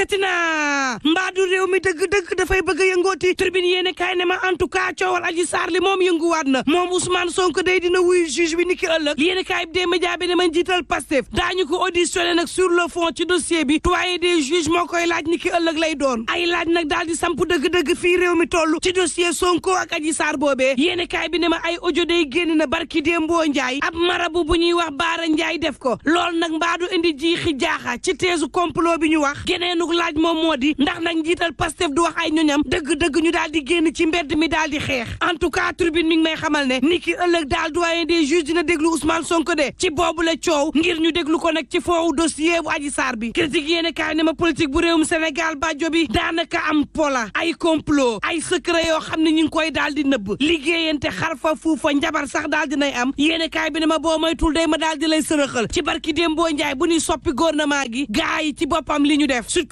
yëkkati na mbaadu réew mi dëgg-dëgg dafay bëgg a yëngooti tribune yéene ka ne ma en tout cas coowal aji saar li moom yënguwaat na moom Ousmane Sonko day dina wuyu juge bi niki ëllëg yéene kaay bi dee média bi ne ma njiital Pastef daañu ko auditionné nag sur le fond ci dossier bi doyen des juges moo koy laaj niki ëllëg lay doon ay laaj nag daal di samp dëgg-dëgg fii réew mi toll ci dossier Sonko ak aji saar boobee yéene kaay bi ne ma ay ojo day génn na barki démboo Njaay ab marabu bu ñuy wax Baara Njaay def ko loolu nag mbaadu indi jiixi jaaxa ci teesu complot bi ñu wax geneenu kooku laaj moom moo di ndax nag njiital Pastef du wax ay ñoñam dëgg-dëgg ñu daal di génn ci mbedd mi daal di xeex en tout cas tribune mi may xamal ne ni ki ëllëg daal doyen des juges dina déglu Ousmane Sonko de ci boobu la coow ngir ñu déglu ko nag ci foowu dossier bu Adji Sarr bi critique yéene kaay ne ma politique bu réewum Sénégal bàjjo bi daanaka am pola ay complot ay secret yoo xam ne ñu ngi koy daal di nëbb liggéeyante xarfa fuufa njabar sax daal dinay am yéene kaay bi ne ma boo maytul day ma daal di lay sërëxal ci barki démboo njaay bu ñuy soppi gouvernement gi gaa yi ci li ñu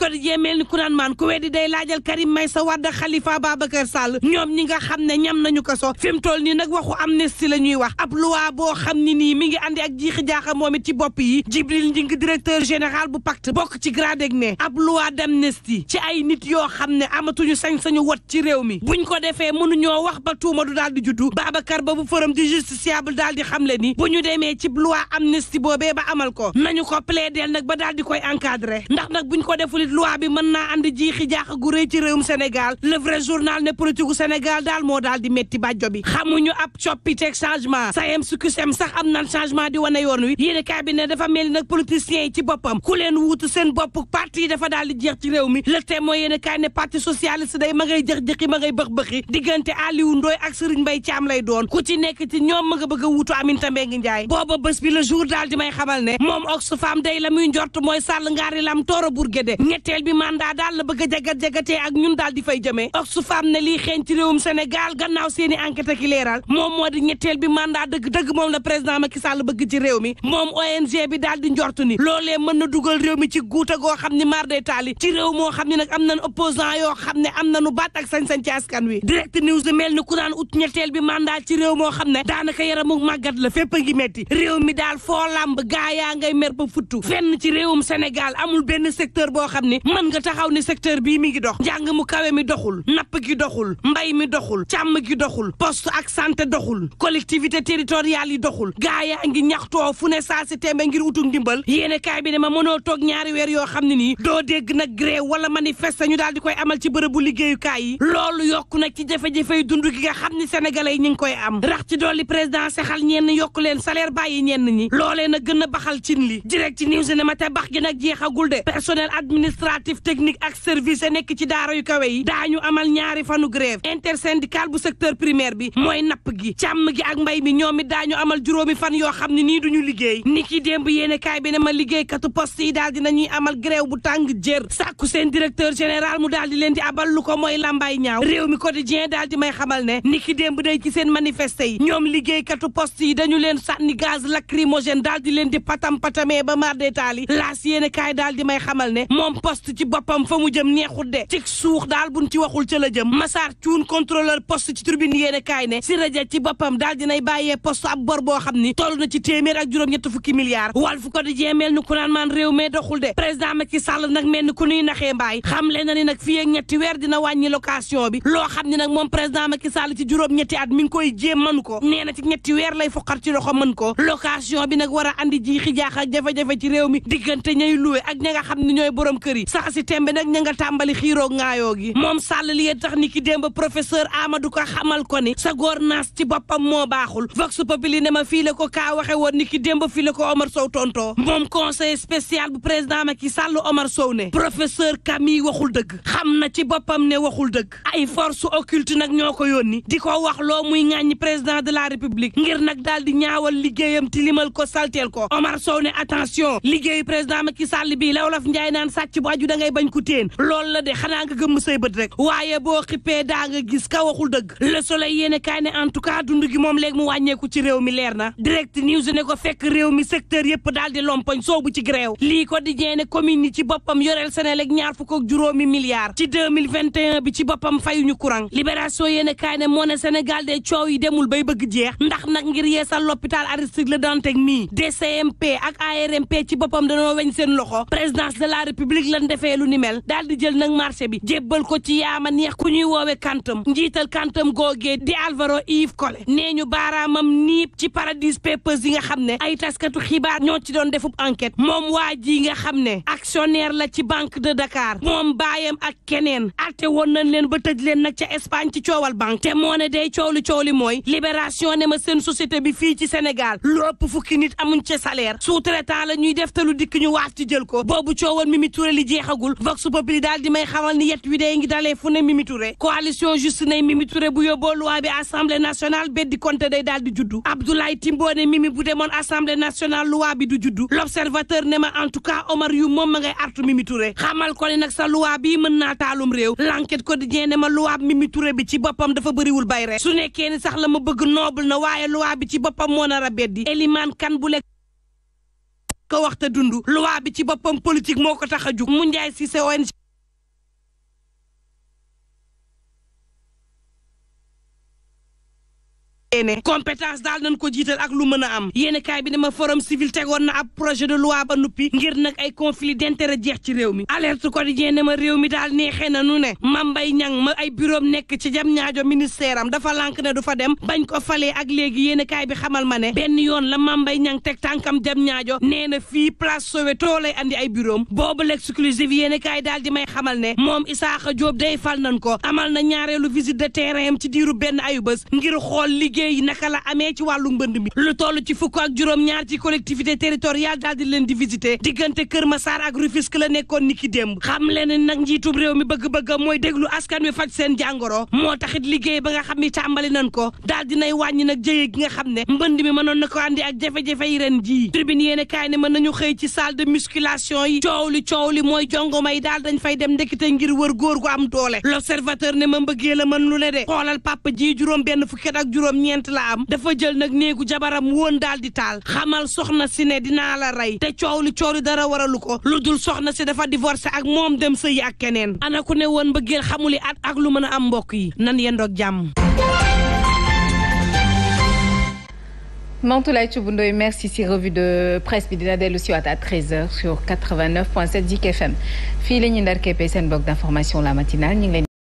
quotidien mel ni ku naan maan ku weddi day laajal Karim Meïssa Wade Khalifa Babacar Sall ñoom ñi nga xam ne ñam nañu kaso fi mu toll nii nag waxu amnistie la ñuy wax ab loi boo xam ni nii mi ngi andi ak jiixi jaaxa moom ci bopp yi Jibril Njing directeur général bu pacte bokk ci gradeg ne ab loi d'amnistie ci ay nit yoo xam ne amatuñu sañ-sañu wot ci réew mi buñ ko defee mënuñoo wax ba tuuma du daal di juddu Babacar ba bu forum du justiciable daal di le ni bu ñu demee ci loi amnistie boobee ba amal ko nañu ko plaider nag ba daal ko deful loi bi mën naa andi jiixi jaax gu rëy ci réew réewum Sénégal le vrai journal ne politique gu Sénégal daal moo daal di métti bàjjo bi xamuñu ab coppiteeg changement sayem sukusem sax am nan changement di wane yoon wi yéene kaay bi ne dafa mel ni nag yi ci boppam ku leen wut seen bopp parti yi dafa daal di jeex ci réew mi le témoin yéene kaay ne parti socialiste day ma ngay jëx-jëxi ma ngay bëx-bëxi diggante Aliou Ndoye ak Serigne Mbaye Thiam lay doon ku ci nekk ci ñoom ma nga bëgg a wuutu Aminata Mbengue Ndiaye booba bés bi le jour daal di xamal ne moom Oxfam day la muy njort mooy sàll ngaari lam tooro Bourguédé ñetteel bi mandat daal bëgg a jagat-jagatee ak ñun daal di fay jëmee Oxfam ne lii xeeñ ci réewum Sénégal gannaaw seeni enquête ak leeral moom moo di ñetteel bi mandaa dëgg-dëgg moom la président Macky Sall bëgg ci réew mi moom ONG bi daal di njortu ni loolee mën na dugal réew mi ci guuta goo xam ni mar day taali ci réew moo xam ne nag am nañ opposant yo xam ne am nañu baat ak sañ-sañ ci kan wi direct news mel ni ku naan ut ñetteel bi mandat ci réew moo xam ne daanaka yaramu màggat la fépp ngi metti réew mi daal foo làmb gaa yaa ngay mer ba futtu fenn ci réewum Sénégal amul benn secteur boo xam xam ne mën nga taxaw ne secteur bii mi ngi dox njàng mu kawe mi doxul napp gi doxul mbay mi doxul càmm gi doxul poste ak santé doxul collectivité territoriale yi doxul gaa yaa ngi ñaxtoo fu ne saa si tembe ngir utu ndimbal yéene kaay bi ne ma mënoo toog ñaari weer yoo xam ne nii doo dégg nag grève wala manifeste ñu daal di koy amal ci bërëbu liggéeyukaay yi loolu yokk nag ci jafe-jafey dund gi nga xam ni sénégalais yi ñu ngi koy am rax ci dolli président sexal ñenn yokk leen salaire bàyyi ñenn ñi loolee nag gën a baxal cin li ci news ne ma te bax gi nag jeexagul administratif technique ak service yi nekk ci daara yu kawe yi daañu amal ñaari fanu inter intersyndical bu secteur primaire bi mooy napp gi càmm gi ak mbay mi ñoom it daañu amal juróomi fan yoo xam ne nii duñu liggéey ni ki démb yéene kaay bi na ma liggéeykatu post yi daal dinañuy amal grève bu tàng jër sàkku seen directeur général mu daal di leen di abal lu ko mooy lambay ñaaw réew mi quotidien daal di may xamal ne ni ki démb day ci seen manifeste yi ñoom liggéeykatu post yi dañu leen sànni gaz lacrymogène daal di leen di patam patamee ba mar detaali kaay daal di may xamal ne moom poste ci boppam fa mu jëm neexut de cig suux daal buñ ci waxul ca la jëm Massar Thioune contrôleur poste ci tribune yéene kaay ne Siré Dia ci boppam daal dinay bàyyee poste ab bor boo xam ni toll na ci téeméer ak juróom-ñett fukki milliards Walf Quotidien mel ni ku naan maan réew mee doxul de président Macky Sall nag mel ni ku nuy naxee mbaay xam le na ni nag fii ak ñetti weer dina wàññi location bi loo xam ne nag moom président Macky Sall ci juróom-ñetti at mi ngi koy jéem mënu ko weer lay foqar ci loxo mën ko location bi nag war a andi jiixi jaax ak jafe-jafe ci réew mi diggante ñay luwe ak ña nga xam ne ñooy bëri sax si tembe nag ña nga tàmbali xiiroo ngaayoo gi moom sàll li tax ni ki démb professeur Amadou Ka xamal ko ni sa góor naas ci boppam moo baaxul vox populi ne ma fii ko ka waxe woon ni ki démb fii la ko Omar Sow tontoo moom conseil spécial bu ma ki Sall Omar Sow ne professeur Camille waxul dëgg xam na ci boppam ne waxul dëgg ay force occulte nag ñoo ko yónni di ko wax loo muy ŋàññi président de la république ngir nag daal di ñaawal liggéeyam tilimal ko salteel ko waaju dangay ngay bañ ku téen loolu la de xanaa nga gëmm say bët rek waaye boo xippee daa nga gis ka dëgg le soleil yéene kaay ne en tout cas dund gi moom léegi mu wàññeeku ci réew mi leer na direct news ne ko fekk réew mi secteur yëpp daal di lompañ soobu ci gréew lii ko di jeene commune yi ci boppam yore yoreel Senelec ak ñaar fukk ak juróomi milliards ci 2021 bi ci boppam fayuñu courant libération yéene kaay ne moo ne Sénégal de coow yi demul bay bëgg jeex ndax nag ngir yeesal l'hôpital Aristide Le Dantec mii DCMP ak ARMP ci boppam dañoo weñ seen loxo présidence la république la lan defee lu ni mel daal di jël nag marché bi jébbal ko ci yaama neex ku ñuy woowe kantam njiital kantam googee di Alvaro Yves Collé nee ñu baaraamam niib ci Paradise Papers yi nga xam ne ay taskatu xibaar ñoo ci doon defu enquête moom waa ji nga xam ne actionnaire la ci banque de Dakar moom baayam ak keneen atte woon nañ leen ba tëj leen nag ci Espagne ci coowal banque te moo ne day coow li mooy libération ne ma seen société bi fii ci senegal lu ëpp fukki nit amuñ ca salaire sous ñuy def te ci jeexagul vox populi daal di may xamal ni yet wi day ngi dalee fu ne Mimi Touré coalition juste ne Mimi Touré bu yóbboo loi bi assemblée nationale beddi konte day daal di juddu Abdoulaye Timbo ne Mimi bu demoon assemblée nationale loi bi du juddu l'observateur ne ma en tout cas Omar yu moom ma ngay artu Mimi xamal ko ne nag sa bi mën naa taalum réew l'enquête quotidien ne ma loi Mimi Touré bi ci boppam dafa bëriwul bay rek su nekkee ni sax la ma bëgg noble na waaye loi bi ci boppam moo nar a beddi Eliman kan bu lekk ka waxta dund loi bi ci boppam politique moo ko tax a jug mu njaay si ne compétence daal nañ ko jiital ak lu mën a am yéeni bi bi ma forum civil tegoon na ab projet de loi ba nuppi ngir nag ay conflit d'intérêt jeex ci réew mi alerte quotidien ne ma réew mi daal neexee na nu ne Mame Mbaye ma ay bureau nekk ci jam ñaajo ministère am dafa lank ne du fa dem bañ ko falee ak léegi yéeni bi xamal ma ne benn yoon la Mame Mbaye Niang teg tànkam jam ñaajo nee na fii place too lay indi ay bureau boobu l'exclusive yéeni kaay daal di may xamal ne moom Isaaxa Diop day fal nañ ko amal na ñaareelu visite de terrain am ci diiru benn ayu bés ngir xool liggéey liggéey naka la amee ci wàllu mbënd mi lu toll ci fukk ak juróom-ñaar ci collectivité territoriale daal di leen di visité diggante Kër Massar ak Rufisque la nekkoon ni ki démb xam leen ne nag njiitum réew mi bëgg-bëgg mooy déglu askan wi faj seen jàngoro moo taxit liggéey ba nga xam ni tàmbali nañ ko daal dinay wàññi nag jëye gi nga xam ne mbënd mi mënoon na ko àndi ak jafe-jafe yi ren jii tribune yéen kaay ne mën nañu xëy ci salle de musculation yi coow li coow li mooy jongo may daal dañ fay dem ndekete ngir wër góor gu am doole l'observateur ne ma mbëggee la mën lu ne de xoolal papa benn fukket ak juróom ñeent la dafa jël nag néegu jabaram woon daal di taal xamal soxna si ne dinaa la rey te coow li coow li dara waralu ko lu dul soxna si dafa divorcé ak moom dem sëyi ak keneen ana ku ne woon mbëggeel xamuli at ak lu mën a am mbokk yi nan yendoog jàmm Mantoulaye Thioub Ndoye merci si revue de presse bi dina dellu si waat à 13h sur 89.7 Zik FM fii la la matinale